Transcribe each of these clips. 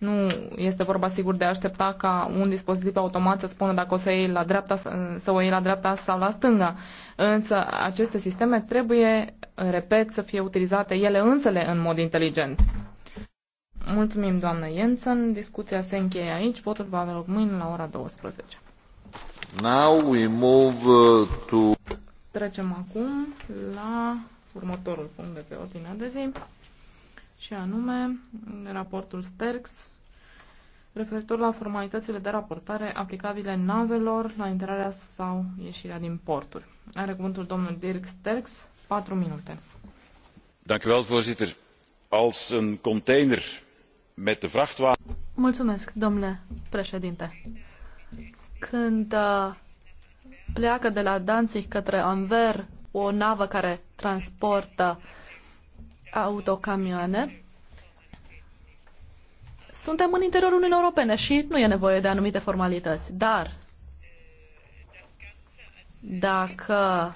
Nu este vorba sigur de a aștepta ca un dispozitiv automat să spună dacă o să, iei la dreapta, să o iei la dreapta sau la stânga. Însă aceste sisteme trebuie, repet, să fie utilizate ele însele în mod inteligent. Mulțumim, doamnă Jensen. Discuția se încheie aici. Votul va avea loc mâine la ora 12. Now we move uh, to... Trecem acum la următorul punct de pe ordinea de zi și anume raportul STERX referitor la formalitățile de raportare aplicabile navelor la intrarea sau ieșirea din porturi. Are cuvântul domnul Dirk Sterks, 4 minute. Dank u wel, voorzitter. Als een container met de vrachtwagen... Mulțumesc, domnule președinte. Când uh, pleacă de la Danzig către Anver o navă care transportă uh, autocamioane. Suntem în interiorul Uniunii Europene și nu e nevoie de anumite formalități, dar dacă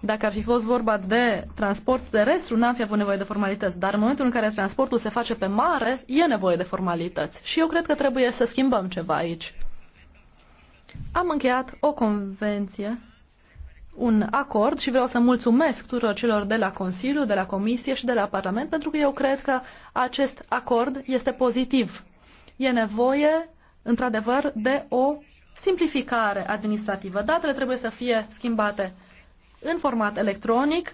Dacă ar fi fost vorba de transport terestru, n-am fi avut nevoie de formalități, dar în momentul în care transportul se face pe mare, e nevoie de formalități. Și eu cred că trebuie să schimbăm ceva aici. Am încheiat o convenție un acord și vreau să mulțumesc tuturor celor de la Consiliu, de la Comisie și de la Parlament, pentru că eu cred că acest acord este pozitiv. E nevoie, într-adevăr, de o simplificare administrativă. Datele trebuie să fie schimbate în format electronic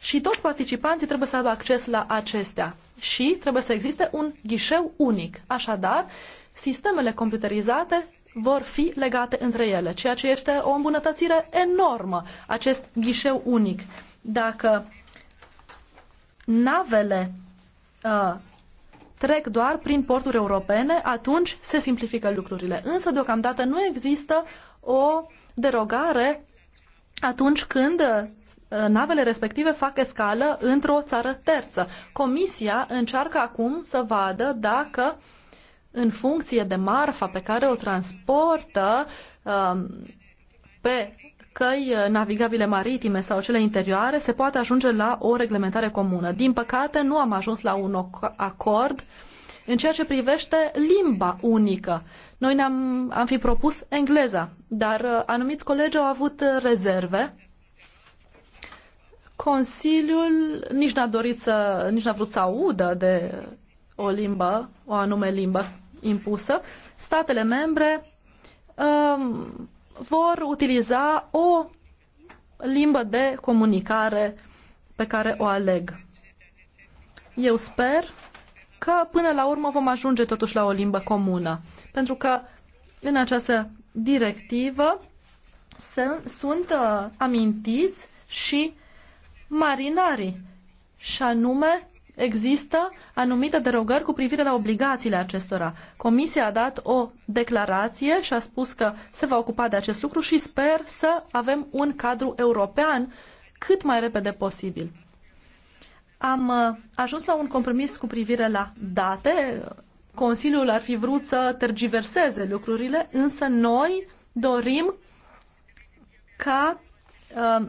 și toți participanții trebuie să aibă acces la acestea. Și trebuie să existe un ghișeu unic. Așadar, sistemele computerizate vor fi legate între ele, ceea ce este o îmbunătățire enormă, acest ghișeu unic. Dacă navele uh, trec doar prin porturi europene, atunci se simplifică lucrurile. Însă, deocamdată, nu există o derogare atunci când uh, navele respective fac escală într-o țară terță. Comisia încearcă acum să vadă dacă uh, în funcție de marfa pe care o transportă um, pe căi uh, navigabile maritime sau cele interioare, se poate ajunge la o reglementare comună. Din păcate, nu am ajuns la un acord în ceea ce privește limba unică. Noi ne-am am fi propus engleza, dar uh, anumiți colegi au avut uh, rezerve. Consiliul nici n-a dorit să, nici n-a vrut să audă de o limbă, o anume limbă impusă, statele membre um, vor utiliza o limbă de comunicare pe care o aleg. Eu sper că până la urmă vom ajunge totuși la o limbă comună, pentru că în această directivă se, sunt uh, amintiți și marinarii, și anume există anumite derogări cu privire la obligațiile acestora. Comisia a dat o declarație și a spus că se va ocupa de acest lucru și sper să avem un cadru european cât mai repede posibil. Am uh, ajuns la un compromis cu privire la date. Consiliul ar fi vrut să tergiverseze lucrurile, însă noi dorim ca uh,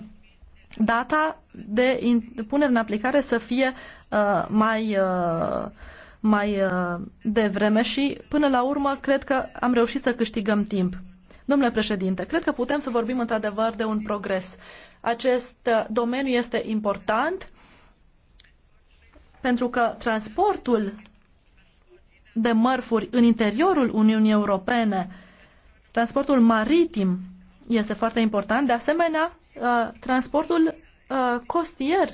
data de punere în aplicare să fie uh, mai, uh, mai uh, devreme și, până la urmă, cred că am reușit să câștigăm timp. Domnule președinte, cred că putem să vorbim într-adevăr de un progres. Acest uh, domeniu este important pentru că transportul de mărfuri în interiorul Uniunii Europene, transportul maritim este foarte important. De asemenea, Uh, transportul uh, costier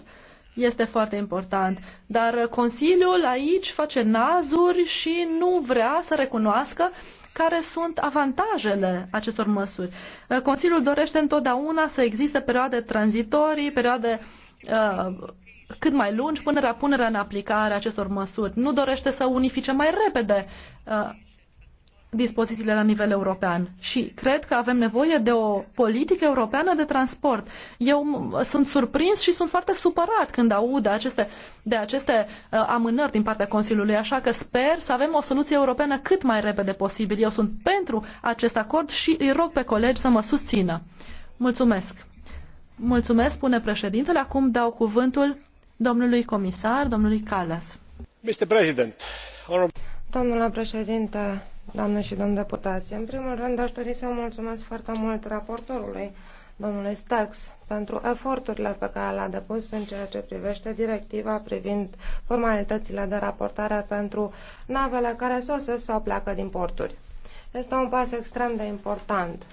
este foarte important. Dar Consiliul aici face nazuri și nu vrea să recunoască care sunt avantajele acestor măsuri. Uh, Consiliul dorește întotdeauna să existe perioade tranzitorii, perioade uh, cât mai lungi până la punerea în aplicare acestor măsuri. Nu dorește să unifice mai repede uh, dispozițiile la nivel european. Și cred că avem nevoie de o politică europeană de transport. Eu sunt surprins și sunt foarte supărat când aud aceste, de aceste uh, amânări din partea Consiliului, așa că sper să avem o soluție europeană cât mai repede posibil. Eu sunt pentru acest acord și îi rog pe colegi să mă susțină. Mulțumesc! Mulțumesc, spune președintele. Acum dau cuvântul domnului comisar, domnului Kallas. Mr. President, Domnule președinte, doamnă și domn deputați. În primul rând, aș dori să mulțumesc foarte mult raportorului, domnului Starks, pentru eforturile pe care le-a depus în ceea ce privește directiva privind formalitățile de raportare pentru navele care sosesc sau pleacă din porturi. Este un pas extrem de important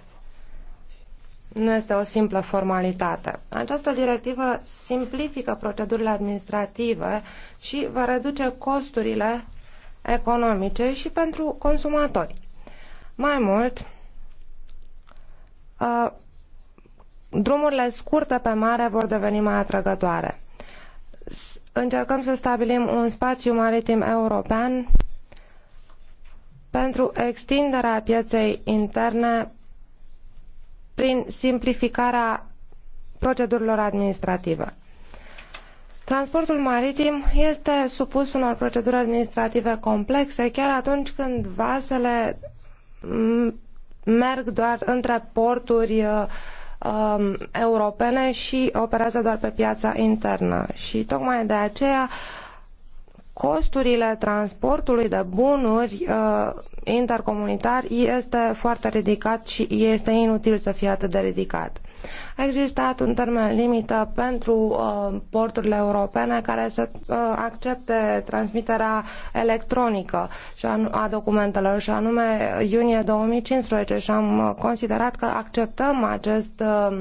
nu este o simplă formalitate. Această directivă simplifică procedurile administrative și va reduce costurile economice și pentru consumatori. Mai mult, drumurile scurte pe mare vor deveni mai atrăgătoare. Încercăm să stabilim un spațiu maritim european pentru extinderea pieței interne prin simplificarea procedurilor administrative. Transportul maritim este supus unor proceduri administrative complexe chiar atunci când vasele merg doar între porturi uh, um, europene și operează doar pe piața internă. Și tocmai de aceea costurile transportului de bunuri uh, intercomunitar este foarte ridicat și este inutil să fie atât de ridicat. A existat un termen limită pentru uh, porturile europene care să uh, accepte transmiterea electronică și a, a documentelor și anume uh, iunie 2015 și am uh, considerat că acceptăm acest uh,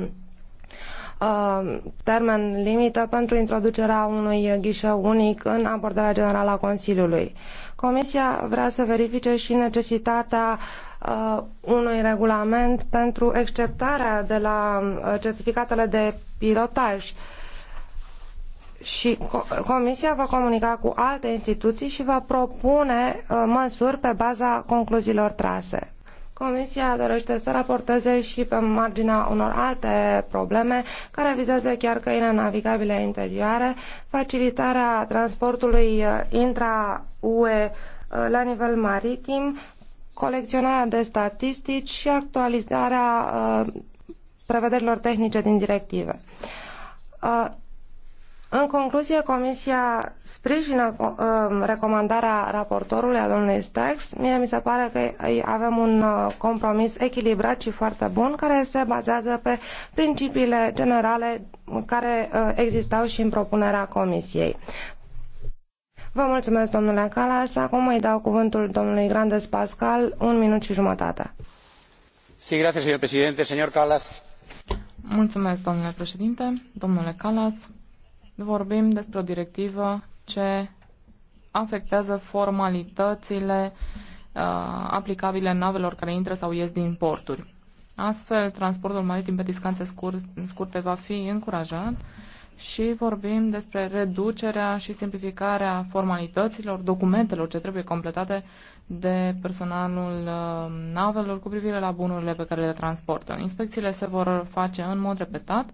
uh, termen limită pentru introducerea unui ghișeu unic în abordarea generală a Consiliului. Comisia vrea să verifice și necesitatea uh, Uh, unui regulament pentru exceptarea de la uh, certificatele de pilotaj și Comisia va comunica cu alte instituții și va propune uh, măsuri pe baza concluziilor trase. Comisia dorește să raporteze și pe marginea unor alte probleme care vizează chiar căile navigabile interioare, facilitarea transportului intra-UE la nivel maritim, colecționarea de statistici și actualizarea uh, prevederilor tehnice din directive. Uh, în concluzie, Comisia sprijină uh, recomandarea raportorului a domnului Stax. Mie mi se pare că avem un uh, compromis echilibrat și foarte bun care se bazează pe principiile generale care uh, existau și în propunerea Comisiei. Vă mulțumesc, domnule Calas. Acum îi dau cuvântul domnului Grandes Pascal, un minut și jumătate. Sí, gracias, señor presidente. Señor Calas. Mulțumesc, domnule președinte. Domnule Calas, vorbim despre o directivă ce afectează formalitățile uh, aplicabile navelor care intră sau ies din porturi. Astfel, transportul maritim pe distanțe scurte va fi încurajat și vorbim despre reducerea și simplificarea formalităților, documentelor ce trebuie completate de personalul uh, navelor cu privire la bunurile pe care le transportă. Inspecțiile se vor face în mod repetat.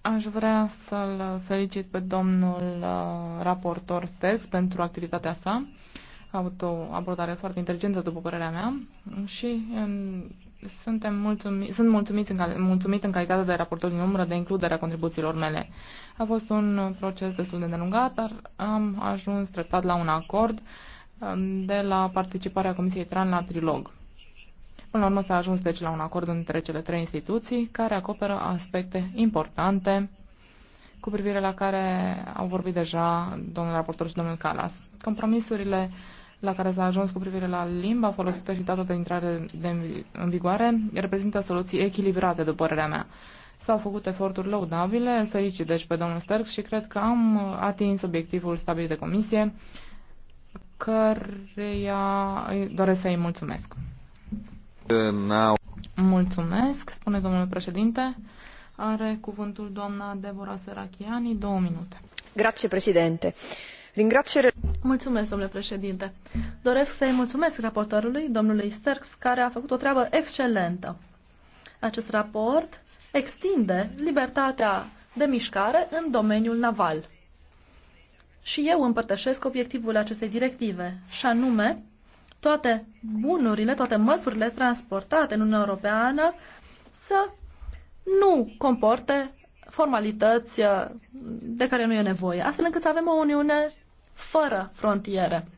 Aș vrea să-l felicit pe domnul uh, raportor Stex pentru activitatea sa a avut o abordare foarte inteligentă, după părerea mea, și în, suntem mulțumi, sunt mulțumit în, mulțumit în calitate de raportor din umbră de includerea contribuțiilor mele. A fost un proces destul de îndelungat, dar am ajuns treptat la un acord um, de la participarea Comisiei Tran la trilog. Până la urmă s-a ajuns deci la un acord între cele trei instituții care acoperă aspecte importante cu privire la care au vorbit deja domnul raportor și domnul Calas. Compromisurile la care s-a ajuns cu privire la limba folosită și data de intrare de în vigoare reprezintă soluții echilibrate, după părerea mea. S-au făcut eforturi lăudabile, îl felicit deci pe domnul Sterks și cred că am atins obiectivul stabilit de comisie, căreia doresc să-i mulțumesc. Mulțumesc, spune domnul președinte. Are cuvântul doamna Deborah Serachiani, două minute. Grazie, președinte. Mulțumesc, domnule președinte. Doresc să-i mulțumesc raportorului, domnului Sterks, care a făcut o treabă excelentă. Acest raport extinde libertatea de mișcare în domeniul naval. Și eu împărtășesc obiectivul acestei directive, și anume toate bunurile, toate mărfurile transportate în Uniunea Europeană să nu comporte formalități uh, de care nu e nevoie, astfel încât să avem o Uniune fără frontiere.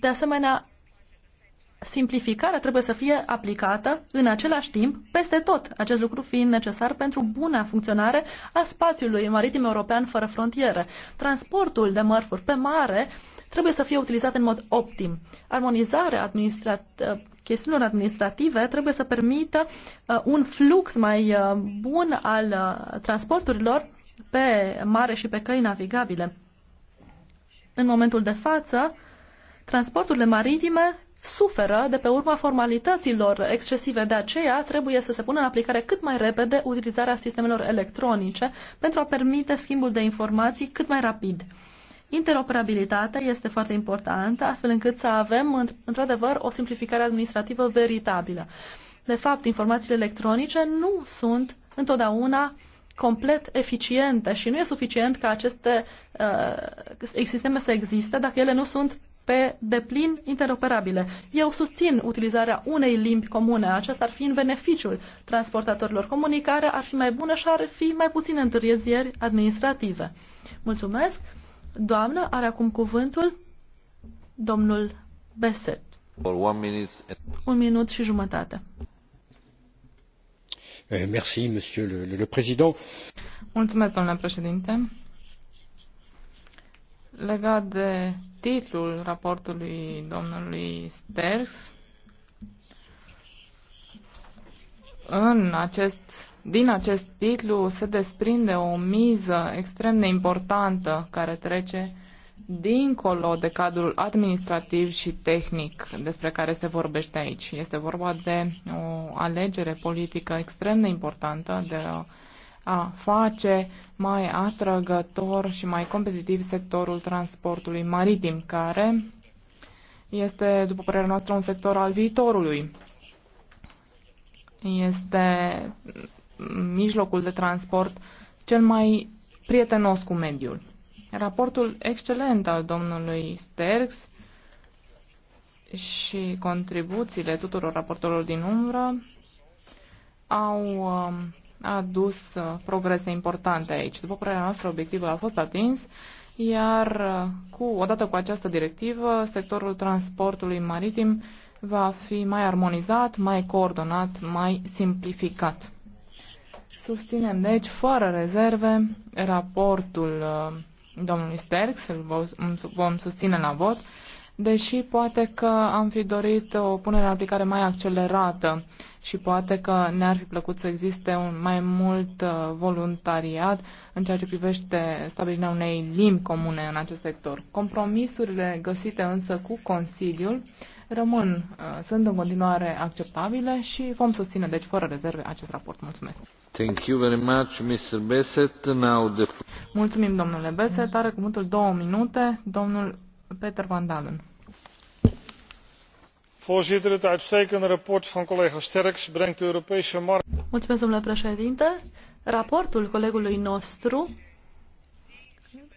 De asemenea, simplificarea trebuie să fie aplicată în același timp peste tot, acest lucru fiind necesar pentru buna funcționare a spațiului maritim european fără frontiere. Transportul de mărfuri pe mare trebuie să fie utilizat în mod optim. Armonizarea administrat- uh, chestiunilor administrative trebuie să permită uh, un flux mai uh, bun al transporturilor pe mare și pe căi navigabile. În momentul de față, transporturile maritime suferă de pe urma formalităților excesive. De aceea trebuie să se pună în aplicare cât mai repede utilizarea sistemelor electronice pentru a permite schimbul de informații cât mai rapid. Interoperabilitatea este foarte importantă, astfel încât să avem, într-adevăr, o simplificare administrativă veritabilă. De fapt, informațiile electronice nu sunt întotdeauna complet eficiente și nu e suficient ca aceste uh, sisteme să existe dacă ele nu sunt pe deplin interoperabile. Eu susțin utilizarea unei limbi comune. Acesta ar fi în beneficiul transportatorilor. Comunicarea ar fi mai bună și ar fi mai puține întârzieri administrative. Mulțumesc! Doamnă, are acum cuvântul domnul Beset. Un minut și jumătate. Eh, merci, monsieur le, le président. Mulțumesc, domnule președinte. Legat de titlul raportului domnului Sters, în acest, din acest titlu se desprinde o miză extrem de importantă care trece dincolo de cadrul administrativ și tehnic despre care se vorbește aici. Este vorba de o alegere politică extrem de importantă de a face mai atrăgător și mai competitiv sectorul transportului maritim, care este, după părerea noastră, un sector al viitorului este mijlocul de transport cel mai prietenos cu mediul. Raportul excelent al domnului Sterks și contribuțiile tuturor raportorilor din umbră au um, adus uh, progrese importante aici. După părerea noastră, obiectivul a fost atins, iar uh, cu, odată cu această directivă, sectorul transportului maritim va fi mai armonizat, mai coordonat, mai simplificat. Susținem, deci, fără rezerve, raportul uh, domnului Sterks, îl vom susține la vot, deși poate că am fi dorit o punere în aplicare mai accelerată și poate că ne-ar fi plăcut să existe un mai mult uh, voluntariat în ceea ce privește stabilirea unei limbi comune în acest sector. Compromisurile găsite însă cu Consiliul rămân, uh, sunt în continuare acceptabile și vom susține, deci, fără rezerve, acest raport. Mulțumesc. Thank you very much, Mr. Besset. Now the... Mulțumim, domnule Besset. Are cuvântul două minute, domnul Peter Van Dalen. Sterks Mulțumesc, domnule președinte. Raportul colegului nostru,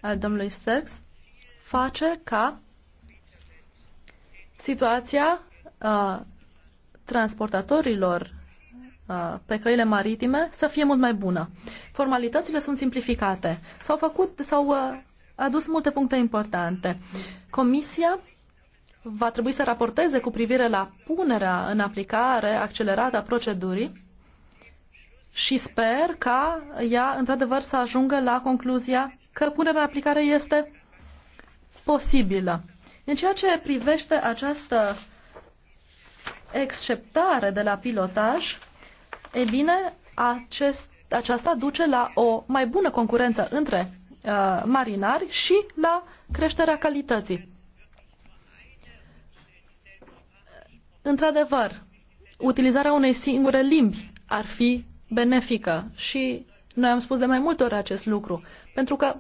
al domnului Sterks, face ca Situația a, uh, transportatorilor a, uh, pe căile maritime să fie mult mai bună. Formalitățile sunt simplificate. S-au făcut, s-au uh, adus multe puncte importante. Comisia va trebui să raporteze cu privire la punerea în aplicare accelerată a procedurii și sper ca ea, într-adevăr, să ajungă la concluzia că punerea în aplicare este posibilă. În ceea ce privește această exceptare de la pilotaj, e bine, acest, aceasta duce la o mai bună concurență între uh, marinari și la creșterea calității. Într-adevăr, utilizarea unei singure limbi ar fi benefică și noi am spus de mai multe ori acest lucru, pentru că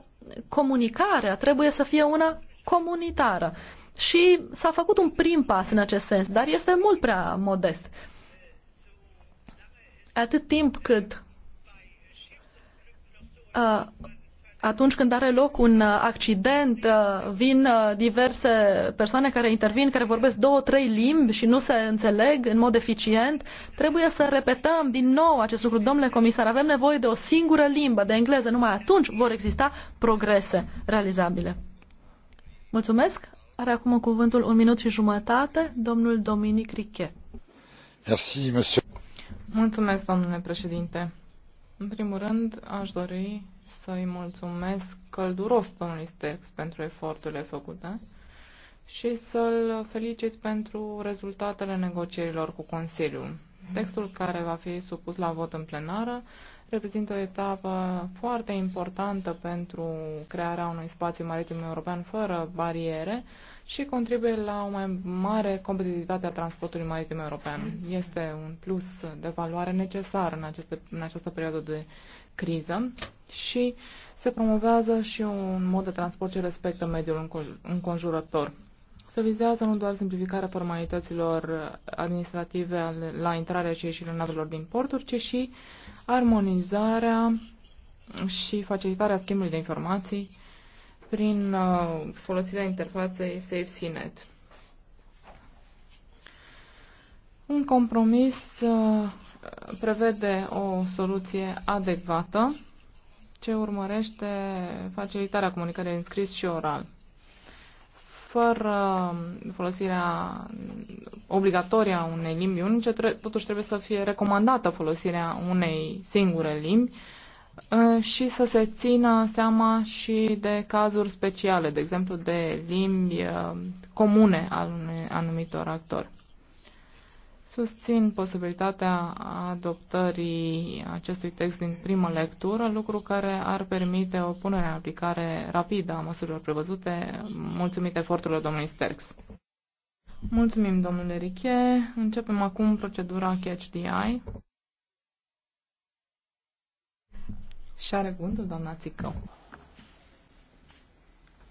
comunicarea trebuie să fie una comunitară. Și s-a făcut un prim pas în acest sens, dar este mult prea modest. Atât timp cât uh, atunci când are loc un uh, accident, uh, vin uh, diverse persoane care intervin, care vorbesc două, trei limbi și nu se înțeleg în mod eficient, trebuie să repetăm din nou acest lucru. Domnule comisar, avem nevoie de o singură limbă, de engleză. Numai atunci vor exista progrese realizabile. Mulțumesc. Are acum cuvântul un minut și jumătate, domnul Dominic Riche. Merci, monsieur. Mulțumesc, domnule președinte. În primul rând, aș dori să-i mulțumesc călduros domnului Sterx pentru eforturile făcute și să-l felicit pentru rezultatele negocierilor cu Consiliul. Textul care va fi supus la vot în plenară reprezintă o etapă foarte importantă pentru crearea unui spațiu maritim european fără bariere și contribuie la o mai mare competitivitate a transportului maritim european. Este un plus de valoare necesar în, aceste, în această perioadă de criză și se promovează și un mod de transport ce respectă mediul înconjurător se vizează nu doar simplificarea formalităților administrative la intrarea și ieșirea navelor din porturi, ci și armonizarea și facilitarea schimbului de informații prin uh, folosirea interfaței SafeCNet. Un compromis uh, prevede o soluție adecvată ce urmărește facilitarea comunicării în scris și oral fără folosirea obligatorie a unei limbi unice, totuși trebuie să fie recomandată folosirea unei singure limbi ă, și să se țină seama și de cazuri speciale, de exemplu de limbi ă, comune al anumitor actori. Susțin posibilitatea adoptării acestui text din primă lectură, lucru care ar permite o punere în aplicare rapidă a măsurilor prevăzute, mulțumit eforturilor domnului Sterks. Mulțumim, domnule Riche. Începem acum procedura Catch the Eye. Și are cuvântul doamna Țicău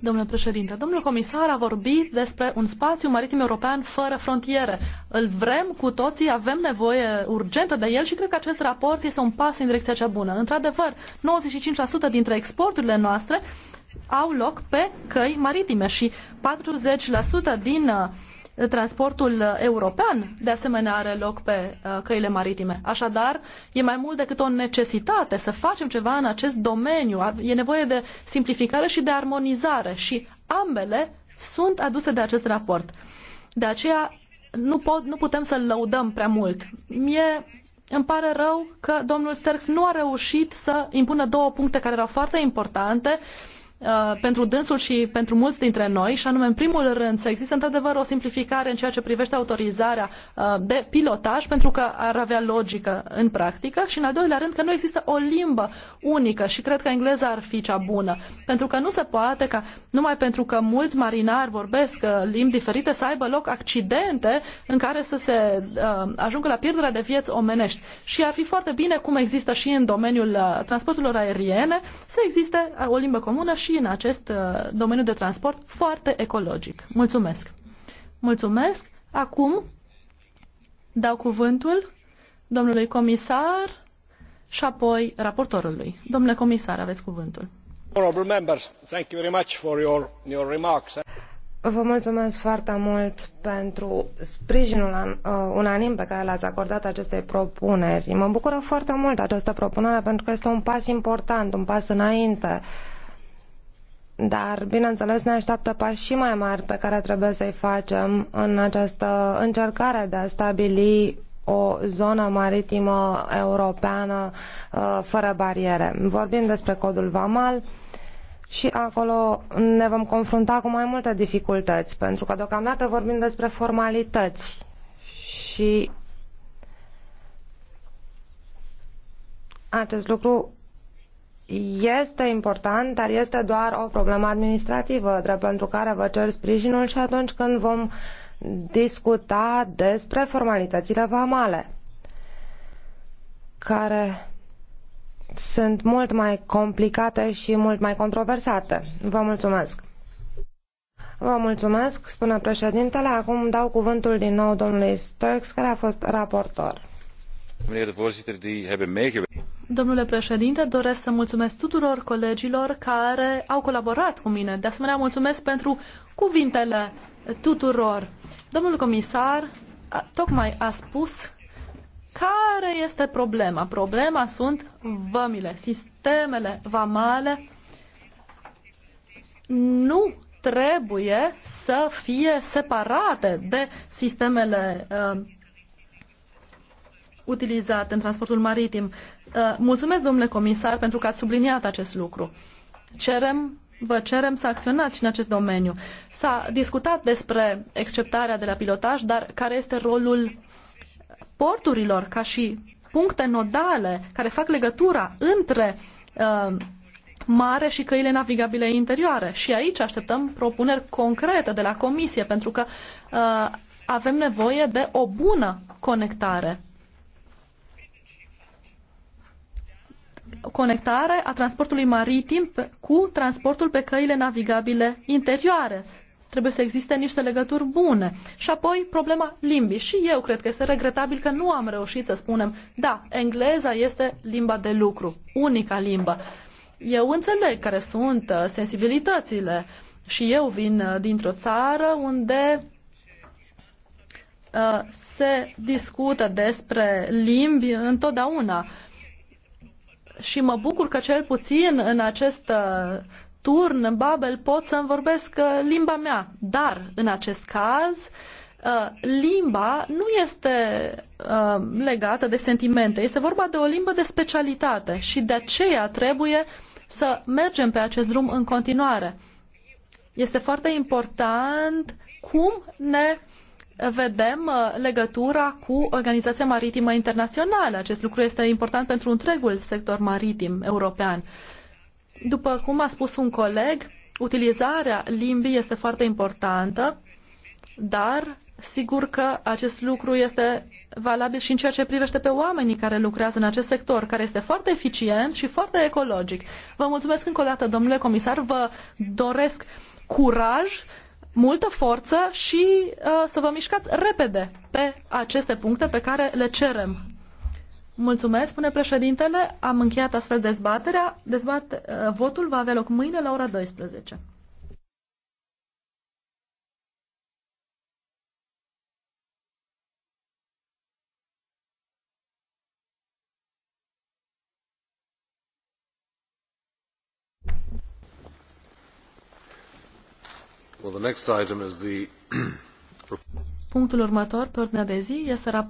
Domnule președinte, domnul comisar a vorbit despre un spațiu maritim european fără frontiere. Îl vrem cu toții, avem nevoie urgentă de el și cred că acest raport este un pas în direcția cea bună. Într-adevăr, 95% dintre exporturile noastre au loc pe căi maritime și 40% din uh, transportul european, de asemenea, are loc pe uh, căile maritime. Așadar, e mai mult decât o necesitate să facem ceva în acest domeniu. E nevoie de simplificare și de armonizare și ambele sunt aduse de acest raport. De aceea, nu, pot, nu putem să-l lăudăm prea mult. Mie îmi pare rău că domnul Sterks nu a reușit să impună două puncte care erau foarte importante uh, Uh, pentru dânsul și pentru mulți dintre noi, și anume, în primul rând, să existe într-adevăr o simplificare în ceea ce privește autorizarea uh, de pilotaj, pentru că ar avea logică în practică, și în al doilea rând, că nu există o limbă unică și cred că engleza ar fi cea bună, pentru că nu se poate ca numai pentru că mulți marinari vorbesc uh, limbi diferite să aibă loc accidente în care să se ajungă la pierderea de vieți omenești. Și ar fi foarte bine, cum există și în domeniul transporturilor aeriene, să existe o limbă comună și și în acest uh, domeniu de transport foarte ecologic. Mulțumesc! Mulțumesc! Acum dau cuvântul domnului comisar și apoi raportorului. Domnule comisar, aveți cuvântul. Vă mulțumesc foarte mult pentru sprijinul uh, unanim pe care l-ați acordat acestei propuneri. Mă bucură foarte mult această propunere pentru că este un pas important, un pas înainte uh, dar, bineînțeles, ne așteaptă pași și mai mari pe care trebuie să-i facem în această încercare de a stabili o zonă maritimă europeană uh, fără bariere. Vorbim despre codul VAMAL și acolo ne vom confrunta cu mai multe dificultăți, pentru că deocamdată vorbim despre formalități și acest lucru este important, dar este doar o problemă administrativă, drept pentru care vă cer sprijinul și atunci când vom discuta despre formalitățile vamale, care sunt mult mai complicate și mult mai controversate. Vă mulțumesc! Vă mulțumesc, spune președintele. Acum dau cuvântul din nou domnului Sturks, care a fost raportor. Meneer de voorzitter, die hebben meegewerkt Domnule președinte, doresc să mulțumesc tuturor colegilor care au colaborat cu mine. De asemenea, mulțumesc pentru cuvintele tuturor. Domnul comisar a, tocmai a spus care este problema. Problema sunt vămile, sistemele vamale. Nu trebuie să fie separate de sistemele uh, utilizate în transportul maritim. Uh, mulțumesc, domnule comisar, pentru că ați subliniat acest lucru. Cerem vă cerem să acționați în acest domeniu. S-a discutat despre exceptarea de la pilotaj, dar care este rolul porturilor ca și puncte nodale care fac legătura între uh, mare și căile navigabile interioare. Și aici așteptăm propuneri concrete de la Comisie, pentru că uh, avem nevoie de o bună conectare conectare a transportului maritim cu transportul pe căile navigabile interioare. Trebuie să existe niște legături bune. Și apoi problema limbii. Și eu cred că este regretabil că nu am reușit să spunem, da, engleza este limba de lucru, unica limbă. Eu înțeleg care sunt uh, sensibilitățile și eu vin uh, dintr-o țară unde uh, se discută despre limbi întotdeauna și mă bucur că cel puțin în acest uh, turn în Babel pot să-mi vorbesc uh, limba mea. Dar, în acest caz, uh, limba nu este legată de sentimente. Este vorba de o limbă de specialitate și de aceea trebuie să mergem pe acest drum în continuare. Este foarte important cum ne vedem uh, legătura cu Organizația Maritimă Internațională. Acest lucru este important pentru întregul sector maritim european. După cum a spus un coleg, utilizarea limbii este foarte importantă, dar sigur că acest lucru este valabil și în ceea ce privește pe oamenii care lucrează în acest sector, care este foarte eficient și foarte ecologic. Vă mulțumesc încă o dată, domnule comisar, vă doresc curaj multă forță și uh, să vă mișcați repede pe aceste puncte pe care le cerem. Mulțumesc, spune președintele. Am încheiat astfel dezbaterea. Dezbate, uh, votul va avea loc mâine la ora 12. Punctul următor pe ordinea de zi este raportul